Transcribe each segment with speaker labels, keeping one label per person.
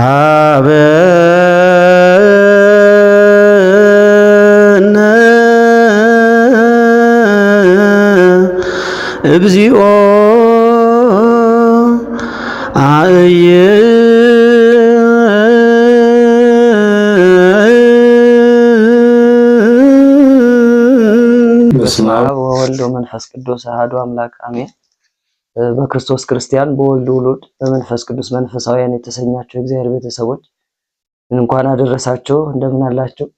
Speaker 1: አበነ እግዚኦ አእየ በስመ አብ ወወልድ ወመንፈስ ቅዱስ አሐዱ አምላክ አሜን። በክርስቶስ ክርስቲያን በወልድ ውሉድ በመንፈስ ቅዱስ መንፈሳውያን የተሰኛቸው የእግዚአብሔር ቤተሰቦች እንኳን አደረሳቸው። እንደምን አላቸው?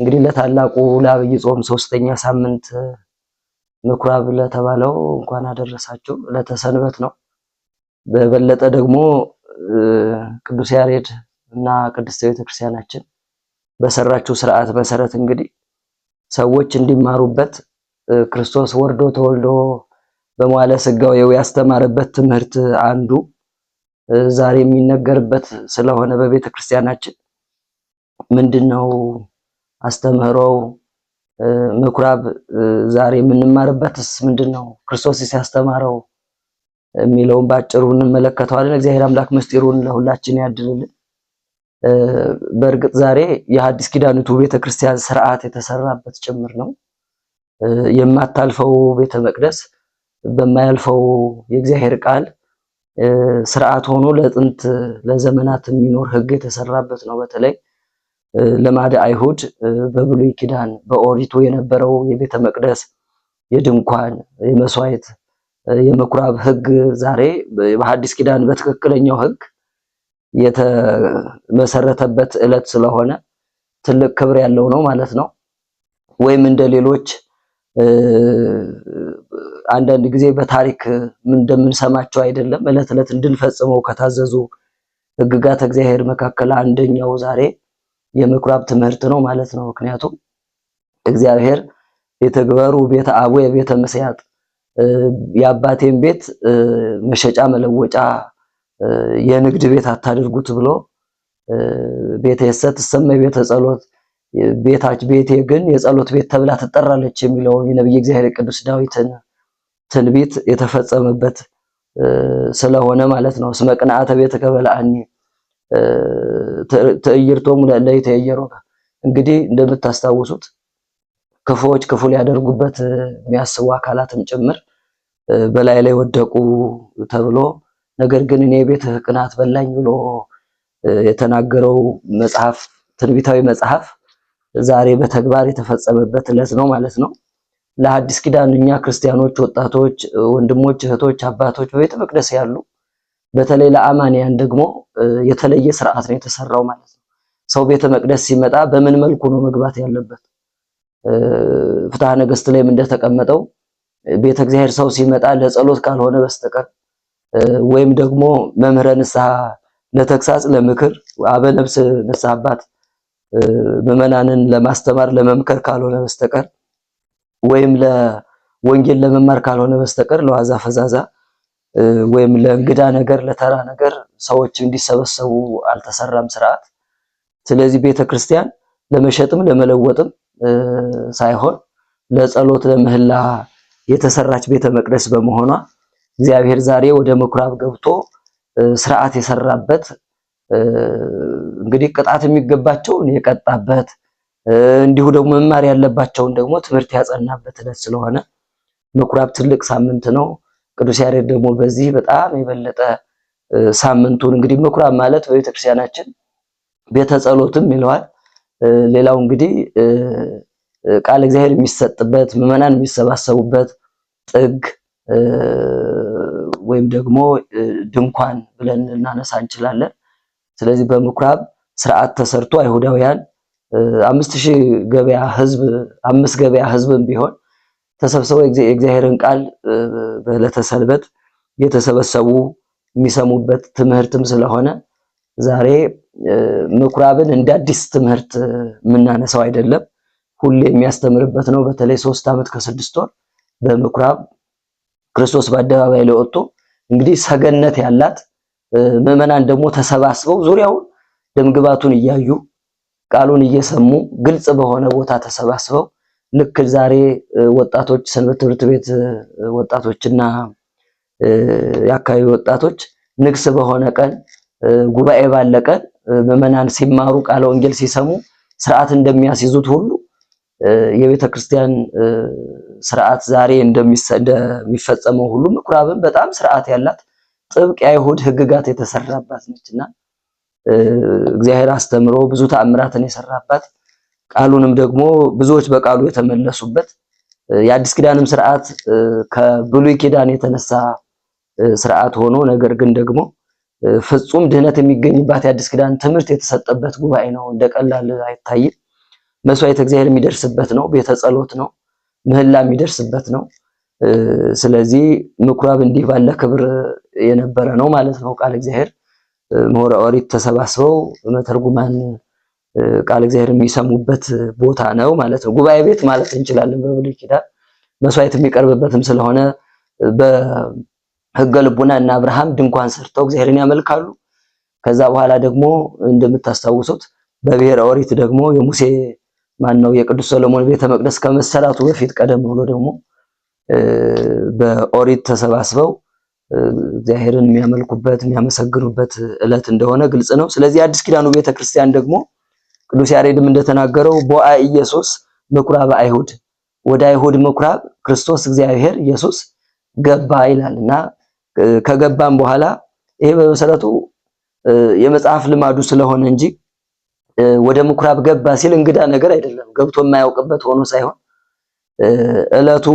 Speaker 1: እንግዲህ ለታላቁ ለአብይ ጾም ሶስተኛ ሳምንት ምኩራብ ለተባለው እንኳን አደረሳቸው። ለተሰንበት ነው። በበለጠ ደግሞ ቅዱስ ያሬድ እና ቅድስት ቤተክርስቲያናችን በሰራችው ስርዓት መሰረት እንግዲህ ሰዎች እንዲማሩበት ክርስቶስ ወርዶ ተወልዶ በመዋለ ስጋው የው ያስተማረበት ትምህርት አንዱ ዛሬ የሚነገርበት ስለሆነ በቤተ ክርስቲያናችን ምንድን ነው አስተምህሮው? ምኩራብ ዛሬ የምንማርበትስ ምንድን ነው? ክርስቶስ ሲያስተማረው የሚለውን ባጭሩ እንመለከተዋለን። እግዚአብሔር አምላክ ምስጢሩን ለሁላችን ያድልልን። በእርግጥ ዛሬ የሐዲስ ኪዳኒቱ ቤተክርስቲያን ስርዓት የተሰራበት ጭምር ነው። የማታልፈው ቤተ መቅደስ በማያልፈው የእግዚአብሔር ቃል ስርዓት ሆኖ ለጥንት ለዘመናት የሚኖር ህግ የተሰራበት ነው። በተለይ ልማደ አይሁድ በብሉይ ኪዳን በኦሪቱ የነበረው የቤተ መቅደስ፣ የድንኳን፣ የመስዋዕት፣ የመኩራብ ህግ ዛሬ በሐዲስ ኪዳን በትክክለኛው ህግ የተመሰረተበት ዕለት ስለሆነ ትልቅ ክብር ያለው ነው ማለት ነው። ወይም እንደ ሌሎች አንዳንድ ጊዜ በታሪክ እንደምንሰማቸው አይደለም። እለት እለት እንድንፈጽመው ከታዘዙ ህግጋት እግዚአብሔር መካከል አንደኛው ዛሬ የምኩራብ ትምህርት ነው ማለት ነው። ምክንያቱም እግዚአብሔር የተግበሩ ቤተ አቦ ቤተ መስያጥ የአባቴን ቤት መሸጫ መለወጫ የንግድ ቤት አታድርጉት ብሎ ቤተ የሰት ሰመ ቤተ ጸሎት ቤታች ቤቴ ግን የጸሎት ቤት ተብላ ትጠራለች የሚለውን የነቢይ እግዚአብሔር ቅዱስ ዳዊትን ትንቢት የተፈጸመበት ስለሆነ ማለት ነው። እስመ ቅንዓተ ቤት ከበልአኒ ትዕይርቶም ለእለይ እንግዲህ እንደምታስታውሱት ክፉዎች ክፉ ሊያደርጉበት የሚያስቡ አካላትም ጭምር በላይ ላይ ወደቁ ተብሎ ነገር ግን እኔ ቤትህ ህቅናት በላኝ ብሎ የተናገረው መጽሐፍ ትንቢታዊ መጽሐፍ ዛሬ በተግባር የተፈጸመበት ዕለት ነው ማለት ነው። ለሐዲስ ኪዳን እኛ ክርስቲያኖች ወጣቶች፣ ወንድሞች፣ እህቶች፣ አባቶች በቤተ መቅደስ ያሉ በተለይ ለአማንያን ደግሞ የተለየ ስርዓት ነው የተሰራው ማለት ነው። ሰው ቤተ መቅደስ ሲመጣ በምን መልኩ ነው መግባት ያለበት? ፍትሐ ነገሥት ላይም እንደተቀመጠው ቤተ እግዚአብሔር ሰው ሲመጣ ለጸሎት ካልሆነ በስተቀር ወይም ደግሞ መምህረ ንስሐ ለተግሳጽ ለምክር አበነብስ ንስሐ አባት ምዕመናንን ለማስተማር ለመምከር ካልሆነ በስተቀር ወይም ለወንጌል ለመማር ካልሆነ በስተቀር ለዋዛ ፈዛዛ ወይም ለእንግዳ ነገር ለተራ ነገር ሰዎች እንዲሰበሰቡ አልተሰራም ስርዓት። ስለዚህ ቤተክርስቲያን ለመሸጥም ለመለወጥም ሳይሆን ለጸሎት ለምህላ የተሰራች ቤተ መቅደስ በመሆኗ እግዚአብሔር ዛሬ ወደ ምኩራብ ገብቶ ስርዓት የሰራበት እንግዲህ ቅጣት የሚገባቸውን የቀጣበት እንዲሁ ደግሞ መማር ያለባቸውን ደግሞ ትምህርት ያጸናበት ዕለት ስለሆነ ምኩራብ ትልቅ ሳምንት ነው። ቅዱስ ያሬድ ደግሞ በዚህ በጣም የበለጠ ሳምንቱን እንግዲህ ምኩራብ ማለት በቤተክርስቲያናችን ቤተ ጸሎትም ይለዋል። ሌላው እንግዲህ ቃል እግዚአብሔር የሚሰጥበት ምዕመናን የሚሰባሰቡበት ጥግ ወይም ደግሞ ድንኳን ብለን እናነሳ እንችላለን። ስለዚህ በምኩራብ ስርዓት ተሰርቶ አይሁዳውያን አምስት ሺህ ገበያ ህዝብ አምስት ገበያ ህዝብም ቢሆን ተሰብስበው የእግዚአብሔርን ቃል በዕለተ ሰንበት የተሰበሰቡ የሚሰሙበት ትምህርትም ስለሆነ ዛሬ ምኩራብን እንደ አዲስ ትምህርት የምናነሳው አይደለም። ሁሌ የሚያስተምርበት ነው። በተለይ ሶስት ዓመት ከስድስት ወር በምኩራብ ክርስቶስ በአደባባይ ላይ ወጥቶ እንግዲህ ሰገነት ያላት ምዕመናን ደግሞ ተሰባስበው ዙሪያውን ደምግባቱን እያዩ ቃሉን እየሰሙ ግልጽ በሆነ ቦታ ተሰባስበው ልክ ዛሬ ወጣቶች ሰንበት ትምህርት ቤት ወጣቶችና የአካባቢ ወጣቶች ንግስ በሆነ ቀን ጉባኤ ባለ ቀን ምዕመናን ሲማሩ ቃለ ወንጌል ሲሰሙ ስርዓት እንደሚያስይዙት ሁሉ የቤተ ክርስቲያን ስርዓት ዛሬ እንደሚፈጸመው ሁሉ ምኩራብን በጣም ስርዓት ያላት ጥብቅ የአይሁድ ሕግጋት የተሰራባት ነችና እግዚአብሔር አስተምሮ ብዙ ተአምራትን የሰራባት ቃሉንም ደግሞ ብዙዎች በቃሉ የተመለሱበት የአዲስ ኪዳንም ስርዓት ከብሉይ ኪዳን የተነሳ ስርዓት ሆኖ ነገር ግን ደግሞ ፍጹም ድህነት የሚገኝባት የአዲስ ኪዳን ትምህርት የተሰጠበት ጉባኤ ነው። እንደቀላል አይታይም። መስዋዕት እግዚአብሔር የሚደርስበት ነው። ቤተ ጸሎት ነው። ምህላ የሚደርስበት ነው። ስለዚህ ምኩራብ እንዲህ ባለ ክብር የነበረ ነው ማለት ነው ቃል እግዚአብሔር ምሁረ ኦሪት ተሰባስበው መተርጉማን ቃል እግዚአብሔር የሚሰሙበት ቦታ ነው ማለት ነው። ጉባኤ ቤት ማለት እንችላለን። በብሉይ ኪዳን መስዋዕት የሚቀርብበትም ስለሆነ በሕገ ልቡና እና አብርሃም ድንኳን ሰርተው እግዚአብሔርን ያመልካሉ። ከዛ በኋላ ደግሞ እንደምታስታውሱት በብሔረ ኦሪት ደግሞ የሙሴ ማን ነው የቅዱስ ሰሎሞን ቤተ መቅደስ ከመሰራቱ በፊት ቀደም ብሎ ደግሞ በኦሪት ተሰባስበው እግዚአብሔርን የሚያመልኩበት የሚያመሰግኑበት ዕለት እንደሆነ ግልጽ ነው። ስለዚህ አዲስ ኪዳኑ ቤተክርስቲያን ደግሞ ቅዱስ ያሬድም እንደተናገረው ቦአ ኢየሱስ ምኩራብ አይሁድ፣ ወደ አይሁድ ምኩራብ ክርስቶስ እግዚአብሔር ኢየሱስ ገባ ይላል እና ከገባም በኋላ ይሄ በመሰረቱ የመጽሐፍ ልማዱ ስለሆነ እንጂ ወደ ምኩራብ ገባ ሲል እንግዳ ነገር አይደለም። ገብቶ የማያውቅበት ሆኖ ሳይሆን ዕለቱ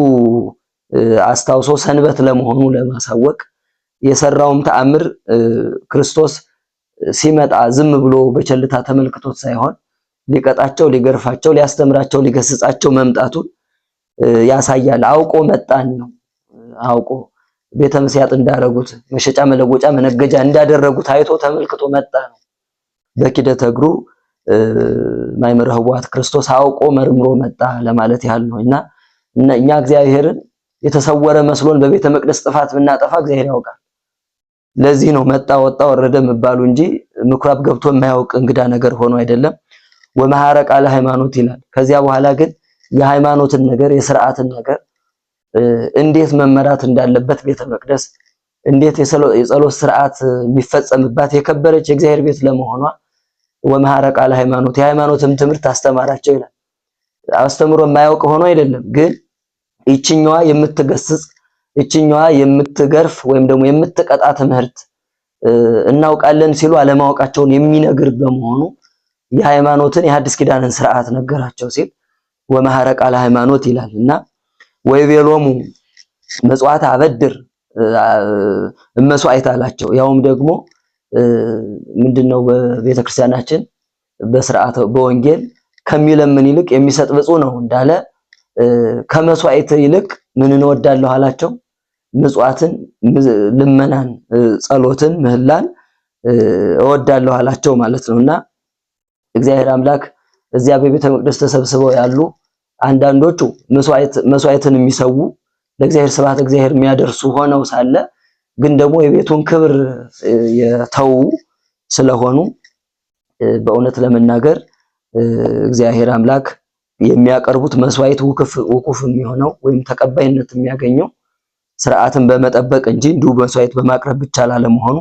Speaker 1: አስታውሶ ሰንበት ለመሆኑ ለማሳወቅ የሰራውም ተአምር ክርስቶስ ሲመጣ ዝም ብሎ በቸልታ ተመልክቶት ሳይሆን ሊቀጣቸው፣ ሊገርፋቸው፣ ሊያስተምራቸው፣ ሊገስጻቸው መምጣቱን ያሳያል። አውቆ መጣን ነው። አውቆ ቤተ መስያጥ እንዳደረጉት መሸጫ መለወጫ መነገጃ እንዳደረጉት አይቶ ተመልክቶ መጣ ነው። በኪደተ እግሩ ማይመረ ክርስቶስ አውቆ መርምሮ መጣ ለማለት ያህል ነው እና እኛ እግዚአብሔርን የተሰወረ መስሎን በቤተ መቅደስ ጥፋት ብናጠፋ እግዚአብሔር ያውቃል። ለዚህ ነው መጣ ወጣ ወረደ መባሉ እንጂ ምኩራብ ገብቶ የማያውቅ እንግዳ ነገር ሆኖ አይደለም። ወመሐረ ቃለ ሃይማኖት ይላል። ከዚያ በኋላ ግን የሃይማኖትን ነገር የስርዓትን ነገር እንዴት መመራት እንዳለበት ቤተ መቅደስ እንዴት የጸሎት ስርዓት የሚፈጸምባት የከበረች የእግዚአብሔር ቤት ለመሆኗ ወመሐረ ቃለ ሃይማኖት የሃይማኖትም ትምህርት አስተማራቸው ይላል። አስተምሮ የማያውቅ ሆኖ አይደለም ግን ይችኛዋ የምትገስጽ ይችኛዋ የምትገርፍ ወይም ደግሞ የምትቀጣ ትምህርት እናውቃለን ሲሉ አለማወቃቸውን የሚነግር በመሆኑ የሃይማኖትን የሐዲስ ኪዳንን ስርዓት ነገራቸው ሲል ወመሐረ ቃለ ሃይማኖት ይላል እና ወይቤሎሙ መጽዋት አበድር እመሱ አይታላቸው ያውም ደግሞ ምንድነው በቤተክርስቲያናችን በስርዓት በወንጌል ከሚለምን ይልቅ የሚሰጥ ብፁዕ ነው እንዳለ ከመስዋዕት ይልቅ ምን እንወዳለሁ አላቸው? ምጽዋትን፣ ልመናን፣ ጸሎትን፣ ምህላን እወዳለሁ አላቸው ማለት ነውና እግዚአብሔር አምላክ እዚያ በቤተ መቅደስ ተሰብስበው ያሉ አንዳንዶቹ መስዋዕትን የሚሰዉ ለእግዚአብሔር ስብሐት እግዚአብሔር የሚያደርሱ ሆነው ሳለ ግን ደግሞ የቤቱን ክብር የተዉ ስለሆኑ በእውነት ለመናገር እግዚአብሔር አምላክ የሚያቀርቡት መስዋዕት ውቁፍ የሚሆነው ወይም ተቀባይነት የሚያገኘው ስርዓትን በመጠበቅ እንጂ እንዲሁ መስዋዕት በማቅረብ ብቻ ላለመሆኑ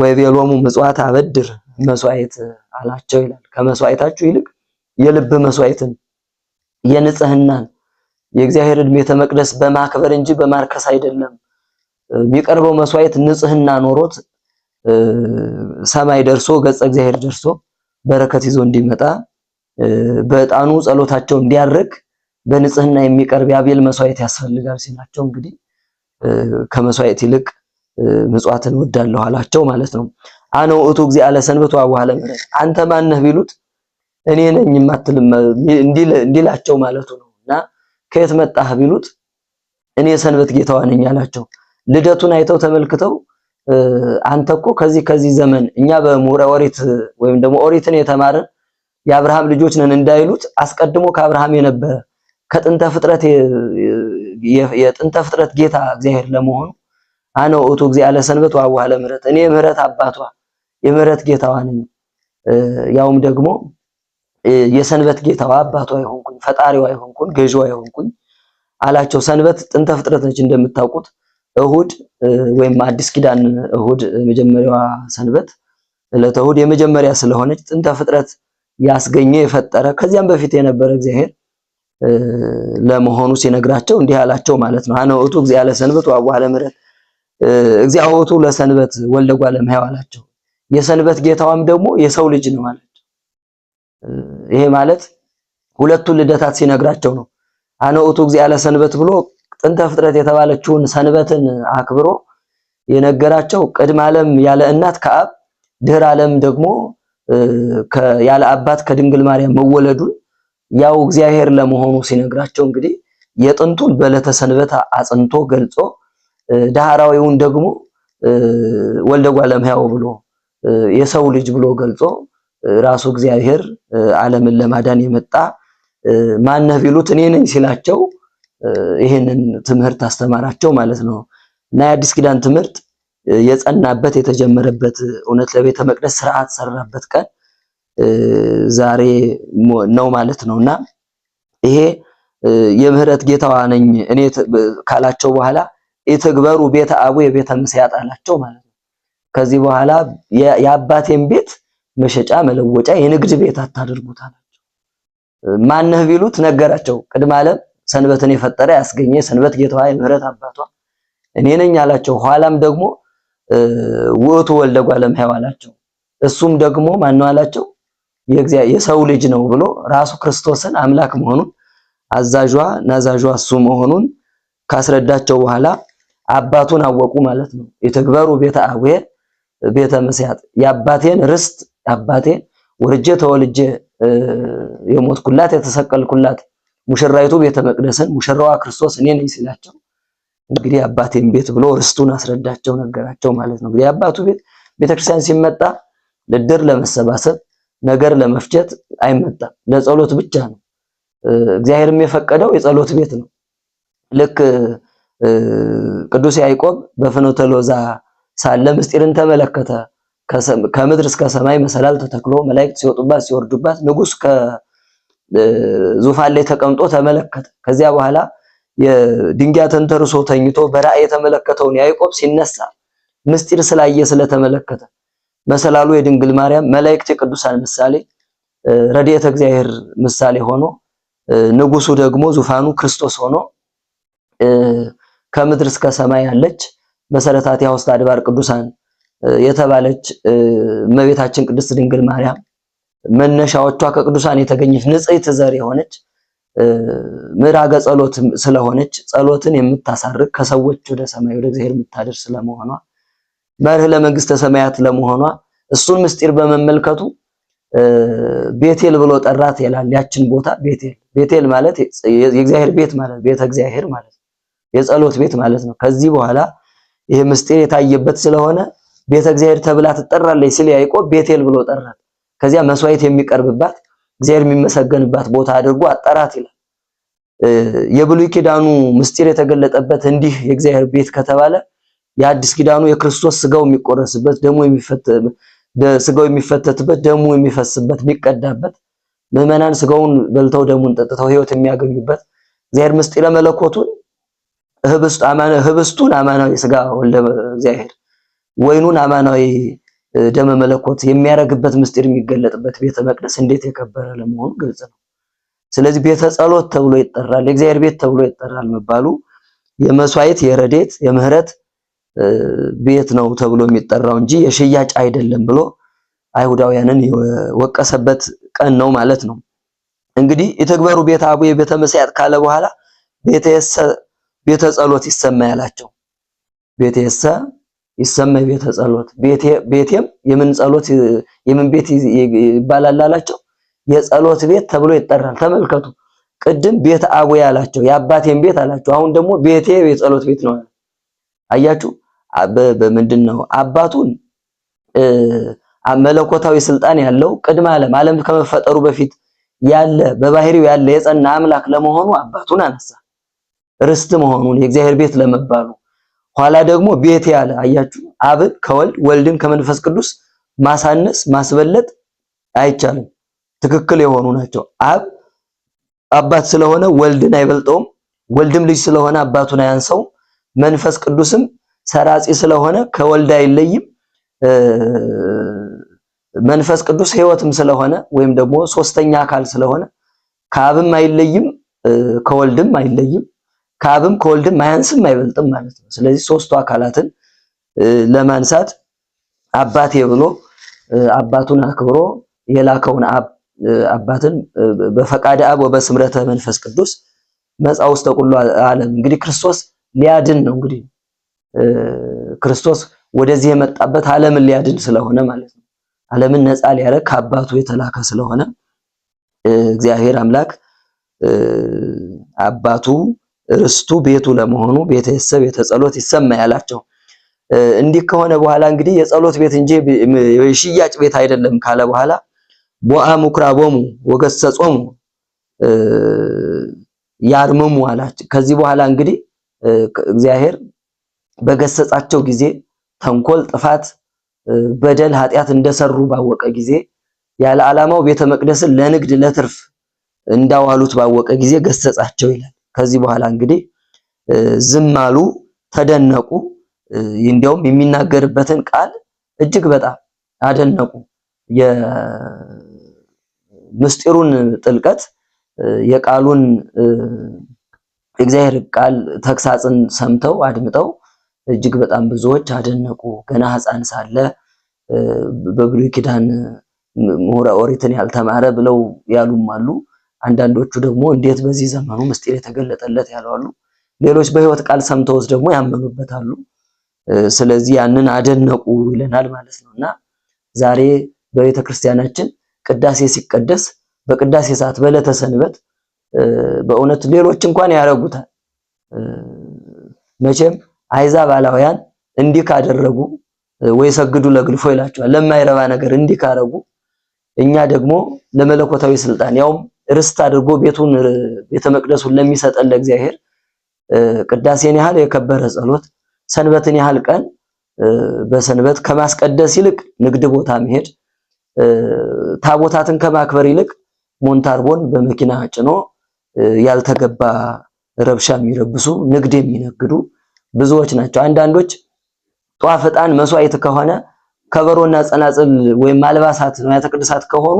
Speaker 1: ወይ ቤሎሙ ምጽዋት አበድር መስዋዕት አላቸው ይላል። ከመስዋዕታችሁ ይልቅ የልብ መስዋዕትን የንጽህናን የእግዚአብሔርን ቤተ መቅደስ በማክበር እንጂ በማርከስ አይደለም። የሚቀርበው መስዋዕት ንጽህና ኖሮት ሰማይ ደርሶ ገጸ እግዚአብሔር ደርሶ በረከት ይዞ እንዲመጣ በዕጣኑ ጸሎታቸው እንዲያርግ በንጽህና የሚቀርብ የአቤል መስዋዕት ያስፈልጋል ሲላቸው እንግዲህ ከመስዋዕት ይልቅ ምጽዋትን ወዳለሁ አላቸው ማለት ነው። አነ ውእቱ እግዚእ አለ ሰንበት ምሕረት፣ አንተ ማነህ ቢሉት እኔ ነኝ የማትልም እንዲላቸው ማለቱ ነው። እና ከየት መጣህ ቢሉት እኔ ሰንበት ጌታዋ ነኝ አላቸው። ልደቱን አይተው ተመልክተው አንተ እኮ ከዚህ ከዚህ ዘመን እኛ በምሁረ ኦሪት ወይም ደግሞ ኦሪትን የተማርን የአብርሃም ልጆች ነን እንዳይሉት አስቀድሞ ከአብርሃም የነበረ ከጥንተ ፍጥረት የጥንተ ፍጥረት ጌታ እግዚአብሔር ለመሆኑ አነ ኦቶ እግዚአብሔር ለሰንበት ወአቡሃ ለምሕረት፣ እኔ የምሕረት አባቷ የምሕረት ጌታዋ ነኝ። ያውም ደግሞ የሰንበት ጌታዋ አባቷ ይሆንኩኝ፣ ፈጣሪዋ ይሆንኩኝ፣ ገዥዋ ይሆንኩኝ አላቸው። ሰንበት ጥንተ ፍጥረት ነች እንደምታውቁት። እሁድ ወይም አዲስ ኪዳን እሁድ መጀመሪያዋ ሰንበት ዕለተ እሁድ የመጀመሪያ ስለሆነች ጥንተ ፍጥረት ያስገኘ የፈጠረ ከዚያም በፊት የነበረ እግዚአብሔር ለመሆኑ ሲነግራቸው እንዲህ አላቸው ማለት ነው። አነ ውእቱ እግዚአ ለሰንበት ወአቡሃ ለምሕረት እግዚአ ውእቱ ለሰንበት ወልደ እጓለ እመሕያው አላቸው። የሰንበት ጌታዋም ደግሞ የሰው ልጅ ነው ማለት ይሄ ማለት ሁለቱን ልደታት ሲነግራቸው ነው። አነ ውእቱ እግዚአ ለሰንበት ብሎ ጥንተ ፍጥረት የተባለችውን ሰንበትን አክብሮ የነገራቸው ቅድመ ዓለም ያለ እናት ከአብ ድህር ዓለም ደግሞ ያለ አባት ከድንግል ማርያም መወለዱን ያው እግዚአብሔር ለመሆኑ ሲነግራቸው እንግዲህ የጥንቱን በዕለተ ሰንበታ አጽንቶ ገልጾ ዳህራዊውን ደግሞ ወልደ እጓለ ብሎ የሰው ልጅ ብሎ ገልጾ ራሱ እግዚአብሔር ዓለምን ለማዳን የመጣ ማነህ ቢሉት እኔ ነኝ ሲላቸው ይህንን ትምህርት አስተማራቸው ማለት ነው እና የአዲስ ኪዳን ትምህርት የጸናበት የተጀመረበት እውነት ለቤተ መቅደስ ስርዓት ሰራበት ቀን ዛሬ ነው ማለት ነው እና ይሄ የምህረት ጌታዋ ነኝ እኔ ካላቸው በኋላ ኢትግበሩ ቤተ አቡ የቤተ ምስያጥ አላቸው ማለት ነው። ከዚህ በኋላ የአባቴን ቤት መሸጫ መለወጫ የንግድ ቤት አታድርጉት አላቸው። ማነህ ቢሉት ነገራቸው። ቅድመ ዓለም ሰንበትን የፈጠረ ያስገኘ ሰንበት ጌታዋ የምህረት አባቷ እኔ ነኝ አላቸው። ኋላም ደግሞ ውእቱ ወልደ እጓለ እመሕያው አላቸው። እሱም ደግሞ ማነው አላቸው? የሰው ልጅ ነው ብሎ ራሱ ክርስቶስን አምላክ መሆኑን አዛዧ ናዛዧ እሱ መሆኑን ካስረዳቸው በኋላ አባቱን አወቁ ማለት ነው። የተግበሩ ቤተ አቡየ ቤተ መስያት የአባቴን ርስት አባቴ ወልጄ ተወልጄ የሞትኩላት የተሰቀልኩላት ሙሽራይቱ ቤተ መቅደስን ሙሽራዋ ክርስቶስ እኔ ነኝ ሲላቸው እንግዲህ አባቴም ቤት ብሎ ርስቱን አስረዳቸው ነገራቸው ማለት ነው። እንግዲህ አባቱ ቤት ቤተክርስቲያን ሲመጣ ለድር ለመሰባሰብ ነገር ለመፍጨት አይመጣም፣ ለጸሎት ብቻ ነው። እግዚአብሔርም የፈቀደው የጸሎት ቤት ነው። ልክ ቅዱስ ያዕቆብ በፍኖተ ሎዛ ሳለ ምስጢርን ተመለከተ፣ ከምድር እስከ ሰማይ መሰላል ተተክሎ መላእክት ሲወጡባት ሲወርዱባት ንጉሥ ከዙፋን ላይ ተቀምጦ ተመለከተ። ከዚያ በኋላ ድንጋይ ተንተርሶ ተኝቶ በራእይ የተመለከተውን ያዕቆብ ሲነሳ ምስጢር ስላየ ስለተመለከተ መሰላሉ የድንግል ማርያም መላእክት የቅዱሳን ምሳሌ ረድኤተ እግዚአብሔር ምሳሌ ሆኖ ንጉሱ ደግሞ ዙፋኑ ክርስቶስ ሆኖ ከምድር እስከ ሰማይ ያለች መሰረታት ያውስተ አድባር ቅዱሳን የተባለች እመቤታችን ቅድስት ድንግል ማርያም መነሻዎቿ ከቅዱሳን የተገኘች ንጽሕት ዘር የሆነች ምዕራገ ጸሎት ስለሆነች ጸሎትን የምታሳርግ ከሰዎች ወደ ሰማይ ወደ እግዚአብሔር የምታደርስ ስለመሆኗ መርህ ለመንግስተ ሰማያት ለመሆኗ እሱን ምስጢር በመመልከቱ ቤቴል ብሎ ጠራት ይላል። ያችን ቦታ ቤቴል ቤቴል ማለት የእግዚአብሔር ቤት ማለት ቤተ እግዚአብሔር ማለት ነው። የጸሎት ቤት ማለት ነው። ከዚህ በኋላ ይሄ ምስጢር የታየበት ስለሆነ ቤተ እግዚአብሔር ተብላ ትጠራለች ሲል ያዕቆብ ቤቴል ብሎ ጠራት። ከዚያ መስዋዕት የሚቀርብባት እግዚአብሔር የሚመሰገንባት ቦታ አድርጎ አጠራት ይላል። የብሉይ ኪዳኑ ምስጢር የተገለጠበት እንዲህ የእግዚአብሔር ቤት ከተባለ የአዲስ ኪዳኑ የክርስቶስ ስጋው የሚቆረስበት ደሙ ስጋው የሚፈተትበት ደሙ የሚፈስበት የሚቀዳበት ምዕመናን ስጋውን በልተው ደሙን ጠጥተው ሕይወት የሚያገኙበት እግዚአብሔር ምስጢረ መለኮቱን ህብስቱን አማናዊ ስጋ ወልደ እግዚአብሔር ወይኑን አማናዊ ደመ መለኮት የሚያረግበት ምስጢር የሚገለጥበት ቤተ መቅደስ እንዴት የከበረ ለመሆኑ ግልጽ ነው። ስለዚህ ቤተ ጸሎት ተብሎ ይጠራል፣ የእግዚአብሔር ቤት ተብሎ ይጠራል መባሉ የመስዋዕት የረዴት የምህረት ቤት ነው ተብሎ የሚጠራው እንጂ የሽያጭ አይደለም ብሎ አይሁዳውያንን የወቀሰበት ቀን ነው ማለት ነው። እንግዲህ የተግበሩ ቤተ አቡየ ቤተ መስያት ካለ በኋላ ቤተ ጸሎት ይሰማ ያላቸው ቤተ ይሰመይ ቤተ ጸሎት ቤቴም የምን ጸሎት የምን ቤት ይባላል አላቸው። የጸሎት ቤት ተብሎ ይጠራል። ተመልከቱ፣ ቅድም ቤት አቡዬ አላቸው፣ የአባቴም ቤት አላቸው። አሁን ደግሞ ቤቴ የጸሎት ቤት ነው አያችሁ። በምንድን ነው አባቱን መለኮታዊ ስልጣን ያለው ቅድመ ዓለም ዓለም ከመፈጠሩ በፊት ያለ በባህሪው ያለ የጸና አምላክ ለመሆኑ አባቱን አነሳ። ርስት መሆኑን የእግዚአብሔር ቤት ለመባሉ ኋላ ደግሞ ቤቴ ያለ አያችሁ። አብን ከወልድ ወልድን ከመንፈስ ቅዱስ ማሳነስ ማስበለጥ አይቻልም። ትክክል የሆኑ ናቸው። አብ አባት ስለሆነ ወልድን አይበልጠውም። ወልድም ልጅ ስለሆነ አባቱን አያንሰውም። መንፈስ ቅዱስም ሰራጺ ስለሆነ ከወልድ አይለይም። መንፈስ ቅዱስ ሕይወትም ስለሆነ ወይም ደግሞ ሶስተኛ አካል ስለሆነ ከአብም አይለይም፣ ከወልድም አይለይም። ከአብም ከወልድም አያንስም አይበልጥም ማለት ነው። ስለዚህ ሶስቱ አካላትን ለማንሳት አባቴ ብሎ አባቱን አክብሮ የላከውን አባትን በፈቃደ አብ ወበስምረተ መንፈስ ቅዱስ መጻ ውስተ ኩሉ ዓለም እንግዲህ ክርስቶስ ሊያድን ነው። እንግዲህ ክርስቶስ ወደዚህ የመጣበት ዓለምን ሊያድን ስለሆነ ማለት ነው። ዓለምን ነፃ ሊያረግ ከአባቱ የተላከ ስለሆነ እግዚአብሔር አምላክ አባቱ ርስቱ ቤቱ ለመሆኑ ቤተ ሰብ ቤተ ጸሎት ይሰማ ያላቸው። እንዲህ ከሆነ በኋላ እንግዲህ የጸሎት ቤት እንጂ የሽያጭ ቤት አይደለም ካለ በኋላ ቦአ ምኵራቦሙ ወገሰጾሙ ያርምሙ አላቸው። ከዚህ በኋላ እንግዲህ እግዚአብሔር በገሰጻቸው ጊዜ ተንኮል፣ ጥፋት፣ በደል፣ ኃጢአት እንደሰሩ ባወቀ ጊዜ ያለ ዓላማው ቤተ መቅደስን ለንግድ ለትርፍ እንዳዋሉት ባወቀ ጊዜ ገሰጻቸው ይላል። ከዚህ በኋላ እንግዲህ ዝም አሉ፣ ተደነቁ። እንዲያውም የሚናገርበትን ቃል እጅግ በጣም አደነቁ። የምስጢሩን ጥልቀት የቃሉን እግዚአብሔር ቃል ተግሳጽን ሰምተው አድምጠው እጅግ በጣም ብዙዎች አደነቁ። ገና ሕፃን ሳለ በብሉይ ኪዳን ምሁረ ኦሪትን ያልተማረ ብለው ያሉም አሉ። አንዳንዶቹ ደግሞ እንዴት በዚህ ዘመኑ ምስጢር የተገለጠለት ያለዋሉ። ሌሎች በህይወት ቃል ሰምተውስ ደግሞ ያመኑበት አሉ። ስለዚህ ያንን አደነቁ ይለናል ማለት ነው እና ዛሬ በቤተ ክርስቲያናችን ቅዳሴ ሲቀደስ በቅዳሴ ሰዓት በዕለተ ሰንበት በእውነት ሌሎች እንኳን ያደርጉታል። መቼም አይዛ አላውያን እንዲህ ካደረጉ ወይ ሰግዱ ለግልፎ ይላቸዋል። ለማይረባ ነገር እንዲህ ካረጉ እኛ ደግሞ ለመለኮታዊ ስልጣን ያውም ርስት አድርጎ ቤቱን ቤተ መቅደሱን ለሚሰጠን ለእግዚአብሔር ቅዳሴን ያህል የከበረ ጸሎት፣ ሰንበትን ያህል ቀን በሰንበት ከማስቀደስ ይልቅ ንግድ ቦታ መሄድ፣ ታቦታትን ከማክበር ይልቅ ሞንታርቦን በመኪና ጭኖ ያልተገባ ረብሻ የሚረብሱ ንግድ የሚነግዱ ብዙዎች ናቸው። አንዳንዶች ጧፍ፣ ዕጣን፣ መስዋዕት ከሆነ ከበሮና ጸናጽል ወይም አልባሳት ንዋያተ ቅድሳት ከሆኑ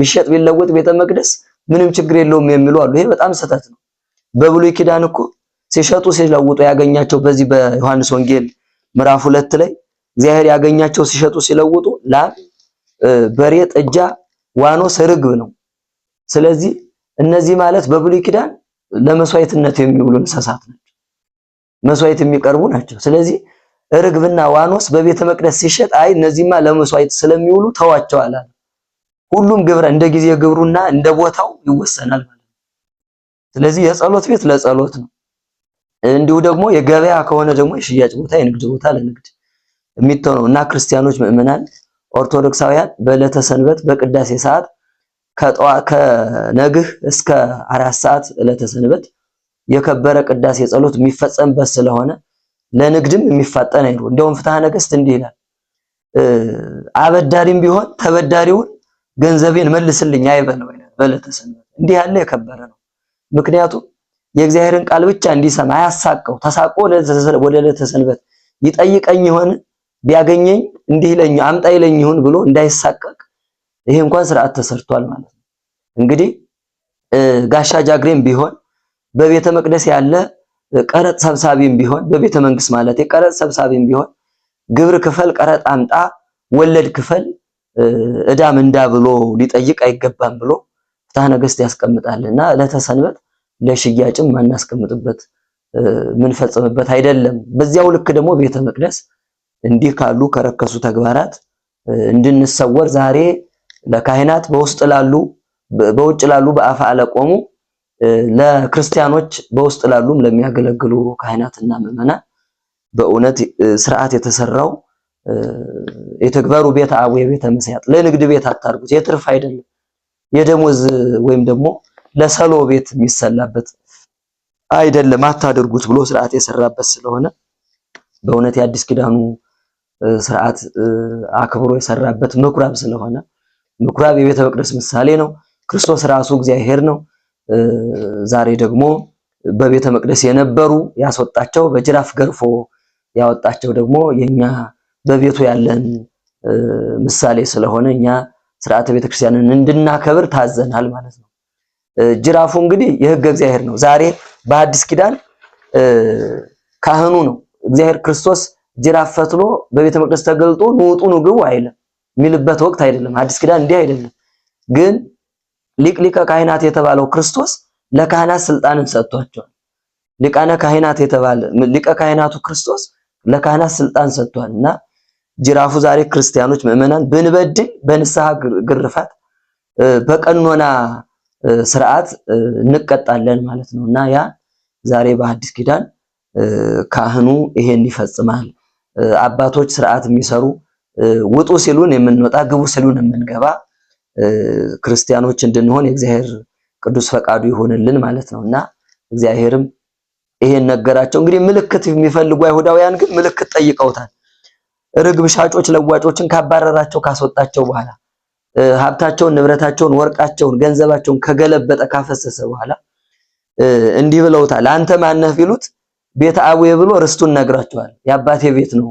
Speaker 1: ቢሸጥ ቢለወጥ ቤተ መቅደስ ምንም ችግር የለውም የሚሉ አሉ። ይሄ በጣም ስህተት ነው። በብሉይ ኪዳን እኮ ሲሸጡ ሲለውጡ ያገኛቸው በዚህ በዮሐንስ ወንጌል ምዕራፍ ሁለት ላይ እግዚአብሔር ያገኛቸው ሲሸጡ ሲለውጡ ላም፣ በሬ፣ ጥጃ፣ ዋኖስ፣ ርግብ ነው። ስለዚህ እነዚህ ማለት በብሉይ ኪዳን ለመስዋዕትነት የሚውሉ እንስሳት ናቸው። መስዋዕት የሚቀርቡ ናቸው። ስለዚህ ርግብና ዋኖስ በቤተ መቅደስ ሲሸጥ አይ እነዚህማ ለመስዋዕት ስለሚውሉ ተዋቸው አላለ። ሁሉም ግብረ እንደ ጊዜ ግብሩና እንደ ቦታው ይወሰናል ማለት ነው። ስለዚህ የጸሎት ቤት ለጸሎት ነው። እንዲሁ ደግሞ የገበያ ከሆነ ደግሞ የሽያጭ ቦታ፣ የንግድ ቦታ ለንግድ የሚተነው እና ክርስቲያኖች ምእመናን ኦርቶዶክሳውያን በዕለተ ሰንበት በቅዳሴ ሰዓት ከነግህ እስከ አራት ሰዓት ዕለተ ሰንበት የከበረ ቅዳሴ ጸሎት የሚፈጸምበት ስለሆነ ለንግድም የሚፋጠን አይሩ። እንደውም ፍትሐ ነገስት እንዲህ ይላል አበዳሪም ቢሆን ተበዳሪውን ገንዘቤን መልስልኝ አይበል በዕለተ ሰንበት። እንዲህ ያለ የከበረ ነው። ምክንያቱም የእግዚአብሔርን ቃል ብቻ እንዲሰማ አያሳቀው። ተሳቆ ወደ ዕለተ ሰንበት ይጠይቀኝ ይሆን ቢያገኘኝ እንዲህ ይለኝ አምጣ ይለኝ ይሁን ብሎ እንዳይሳቀቅ ይሄ እንኳን ስርዓት ተሰርቷል ማለት ነው። እንግዲህ ጋሻ ጃግሬም ቢሆን በቤተ መቅደስ ያለ ቀረጥ ሰብሳቢም ቢሆን በቤተ መንግስት ማለት የቀረጥ ሰብሳቢም ቢሆን ግብር ክፈል፣ ቀረጥ አምጣ፣ ወለድ ክፈል እዳ ምንዳ ብሎ ሊጠይቅ አይገባም ብሎ ፍትሐ ነገሥት ያስቀምጣል እና ለተሰንበት ለሽያጭም ማናስቀምጥበት ምንፈጽምበት አይደለም። በዚያው ልክ ደግሞ ቤተ መቅደስ እንዲህ ካሉ ከረከሱ ተግባራት እንድንሰወር ዛሬ ለካህናት በውስጥ ላሉ በውጭ ላሉ በአፋ አለቆሙ ለክርስቲያኖች በውስጥ ላሉም ለሚያገለግሉ ካህናትና ምዕመናን በእውነት ስርዓት የተሰራው የተግበሩ ቤት አቡ የቤተ መስያጥ ለንግድ ቤት አታርጉት፣ የትርፍ አይደለም። የደሞዝ ወይም ደግሞ ለሰሎ ቤት የሚሰላበት አይደለም፣ አታድርጉት ብሎ ስርዓት የሰራበት ስለሆነ በእውነት የአዲስ ኪዳኑ ስርዓት አክብሮ የሰራበት ምኩራብ ስለሆነ ምኩራብ የቤተ መቅደስ ምሳሌ ነው። ክርስቶስ ራሱ እግዚአብሔር ነው። ዛሬ ደግሞ በቤተ መቅደስ የነበሩ ያስወጣቸው በጅራፍ ገርፎ ያወጣቸው ደግሞ የኛ በቤቱ ያለን ምሳሌ ስለሆነ እኛ ስርዓተ ቤተክርስቲያንን እንድናከብር ታዘናል ማለት ነው። ጅራፉ እንግዲህ የህገ እግዚአብሔር ነው። ዛሬ በአዲስ ኪዳን ካህኑ ነው እግዚአብሔር ክርስቶስ ጅራፍ ፈትሎ በቤተ መቅደስ ተገልጦ ንውጡ ንግቡ አይልም የሚልበት ወቅት አይደለም። አዲስ ኪዳን እንዲህ አይደለም። ግን ሊቅ ሊቀ ካህናት የተባለው ክርስቶስ ለካህናት ስልጣንን ሰጥቷቸዋል። ሊቃነ ካህናት የተባለ ሊቀ ካህናቱ ክርስቶስ ለካህናት ስልጣን ሰጥቷልና ጅራፉ ዛሬ ክርስቲያኖች ምዕመናን ብንበድል በንስሐ ግርፋት በቀኖና ስርዓት እንቀጣለን ማለት ነው እና ያ ዛሬ በአዲስ ኪዳን ካህኑ ይሄን ይፈጽማል። አባቶች ስርዓት የሚሰሩ ውጡ ሲሉን የምንወጣ ግቡ ሲሉን የምንገባ ክርስቲያኖች እንድንሆን የእግዚአብሔር ቅዱስ ፈቃዱ ይሆንልን ማለት ነው እና እግዚአብሔርም ይሄን ነገራቸው። እንግዲህ ምልክት የሚፈልጉ አይሁዳውያን ግን ምልክት ጠይቀውታል። ርግብ ሻጮች ለዋጮችን ካባረራቸው ካስወጣቸው በኋላ ሀብታቸውን፣ ንብረታቸውን፣ ወርቃቸውን፣ ገንዘባቸውን ከገለበጠ ካፈሰሰ በኋላ እንዲህ ብለውታል። አንተ ማነህ ቢሉት ቤተ አቡየ ብሎ ርስቱን ነግሯቸዋል። የአባቴ ቤት ነው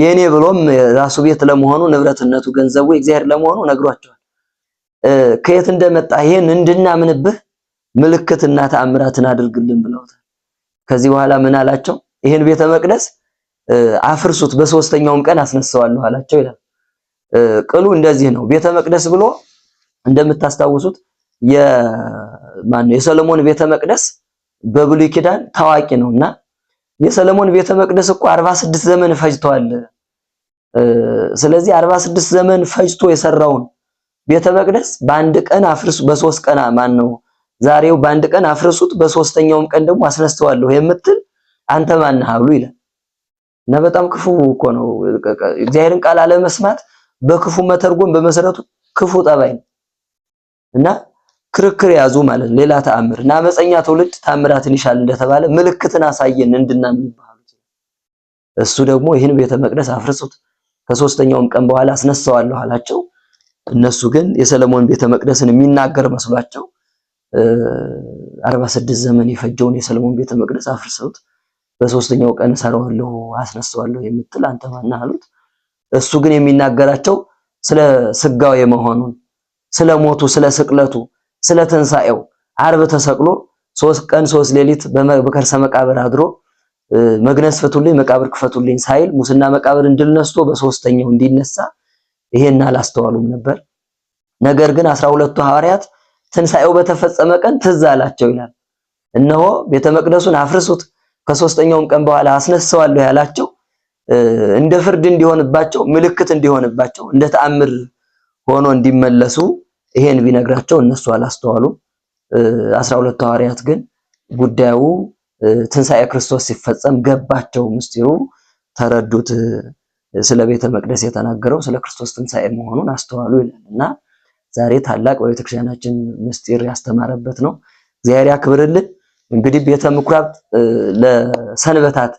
Speaker 1: የኔ ብሎም ራሱ ቤት ለመሆኑ ንብረትነቱ ገንዘቡ የእግዚአብሔር ለመሆኑ ነግሯቸዋል። ከየት እንደመጣ ይሄን እንድናምንብህ ምልክትና ተአምራትን አድርግልን ብለውታል። ከዚህ በኋላ ምን አላቸው? ይሄን ቤተ መቅደስ አፍርሱት በሶስተኛውም ቀን አስነሳዋለሁ አላቸው ይላል። ቅሉ እንደዚህ ነው። ቤተ መቅደስ ብሎ እንደምታስታውሱት የማነው የሰለሞን ቤተ መቅደስ በብሉይ ኪዳን ታዋቂ ነውና የሰለሞን ቤተ መቅደስ እኮ 46 ዘመን ፈጅቷል። ስለዚህ 46 ዘመን ፈጅቶ የሰራውን ቤተ መቅደስ በአንድ ቀን አፍርሱ በሶስት ቀን ማን ነው ዛሬው በአንድ ቀን አፍርሱት በሶስተኛውም ቀን ደግሞ አስነስተዋለሁ የምትል አንተ ማን ነህ አሉ ይላል። እና በጣም ክፉ እኮ ነው። እግዚአብሔርን ቃል አለመስማት በክፉ መተርጎም በመሰረቱ ክፉ ጠባይ ነው እና ክርክር ያዙ ማለት ሌላ ተአምር እና አመፀኛ ትውልድ ተአምራትን ይሻል እንደተባለ ምልክትን አሳየን እንድናምን ይባሉት። እሱ ደግሞ ይህን ቤተ መቅደስ አፍርሱት ከሶስተኛውም ቀን በኋላ አስነሳዋለሁ አላቸው። እነሱ ግን የሰለሞን ቤተ መቅደስን የሚናገር መስሏቸው 46 ዘመን የፈጀውን የሰለሞን ቤተ መቅደስ አፍርሰውት በሶስተኛው ቀን ሰራዋለሁ አስነሳዋለሁ የምትል አንተ ማን አሉት። እሱ ግን የሚናገራቸው ስለ ስጋው የመሆኑን ስለ ሞቱ፣ ስለ ስቅለቱ፣ ስለ ትንሳኤው ዓርብ ተሰቅሎ ሶስት ቀን ሶስት ሌሊት በከርሰ መቃብር አድሮ መግነዝ ፍቱልኝ መቃብር ክፈቱልኝ ሳይል ሙስና መቃብር እንድል በሶስተኛው እንዲነሳ ይሄን አላስተዋሉም ነበር። ነገር ግን አስራ ሁለቱ ሐዋርያት ትንሳኤው በተፈጸመ ቀን ትዝ አላቸው ይላል። እነሆ ቤተ መቅደሱን አፍርሱት ከሶስተኛውም ቀን በኋላ አስነሳዋለሁ ያላቸው እንደ ፍርድ እንዲሆንባቸው ምልክት እንዲሆንባቸው እንደ ተአምር ሆኖ እንዲመለሱ ይሄን ቢነግራቸው እነሱ አላስተዋሉም። አስራ ሁለቱ ሐዋርያት ግን ጉዳዩ ትንሣኤ ክርስቶስ ሲፈጸም ገባቸው፣ ምስጢሩ ተረዱት። ስለ ቤተ መቅደስ የተናገረው ስለ ክርስቶስ ትንሣኤ መሆኑን አስተዋሉ ይላል እና ዛሬ ታላቅ በቤተክርስቲያናችን ምስጢር ያስተማረበት ነው። እግዚአብሔር ያክብርልን። እንግዲህ ቤተ ምኩራብ ለሰንበታት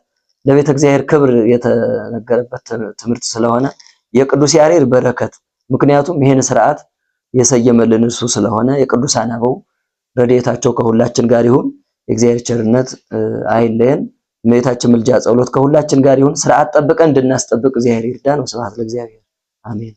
Speaker 1: ለቤተ እግዚአብሔር ክብር የተነገረበት ትምህርት ስለሆነ የቅዱስ ያሬድ በረከት ምክንያቱም ይሄን ስርዓት የሰየመልን እሱ ስለሆነ የቅዱሳን አበው ረድኤታቸው ከሁላችን ጋር ይሁን። የእግዚአብሔር ቸርነት አይለየን። እመቤታችን ምልጃ ጸሎት ከሁላችን ጋር ይሁን። ስርዓት ጠብቀን እንድናስጠብቅ እግዚአብሔር ይርዳን። ወስብሐት ለእግዚአብሔር አሜን።